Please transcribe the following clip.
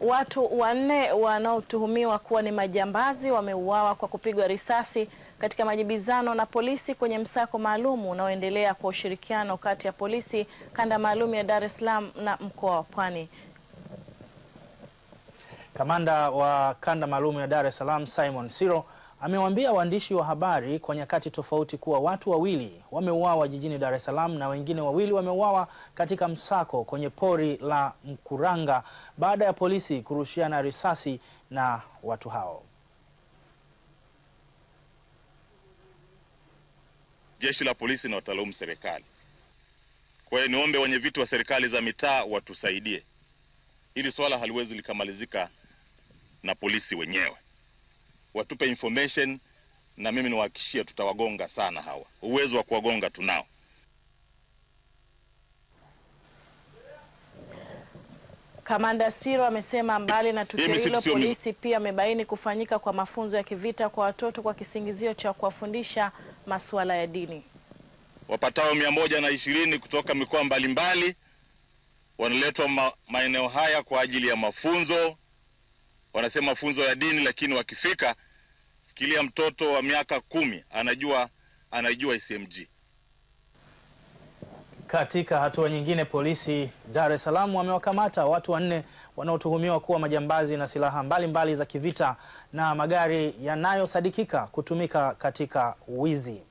Watu wanne wanaotuhumiwa kuwa ni majambazi wameuawa kwa kupigwa risasi katika majibizano na polisi kwenye msako maalum unaoendelea kwa ushirikiano kati ya polisi kanda maalum ya Dar es Salaam na mkoa wa Pwani. Kamanda wa kanda maalum ya Dar es Salaam Simon Siro amewaambia waandishi wa habari kwa nyakati tofauti kuwa watu wawili wameuawa jijini Dar es Salaam na wengine wawili wameuawa katika msako kwenye pori la Mkuranga baada ya polisi kurushiana risasi na watu hao. Jeshi la polisi na watalaumu serikali. Kwa hiyo niombe wenye viti wa serikali za mitaa watusaidie, hili swala haliwezi likamalizika na polisi wenyewe watupe information, na mimi niwahakikishie tutawagonga sana hawa. Uwezo wa kuwagonga tunao. Kamanda Siro amesema mbali na tukio hilo, polisi pia amebaini kufanyika kwa mafunzo ya kivita kwa watoto kwa kisingizio cha kuwafundisha masuala ya dini. Wapatao mia moja na ishirini kutoka mikoa mbalimbali wanaletwa ma, maeneo haya kwa ajili ya mafunzo, wanasema mafunzo ya dini, lakini wakifika kila mtoto wa miaka kumi anajua anajua SMG. Katika hatua nyingine, polisi Dar es Salaam wamewakamata watu wanne wanaotuhumiwa kuwa majambazi na silaha mbalimbali mbali za kivita na magari yanayosadikika kutumika katika wizi.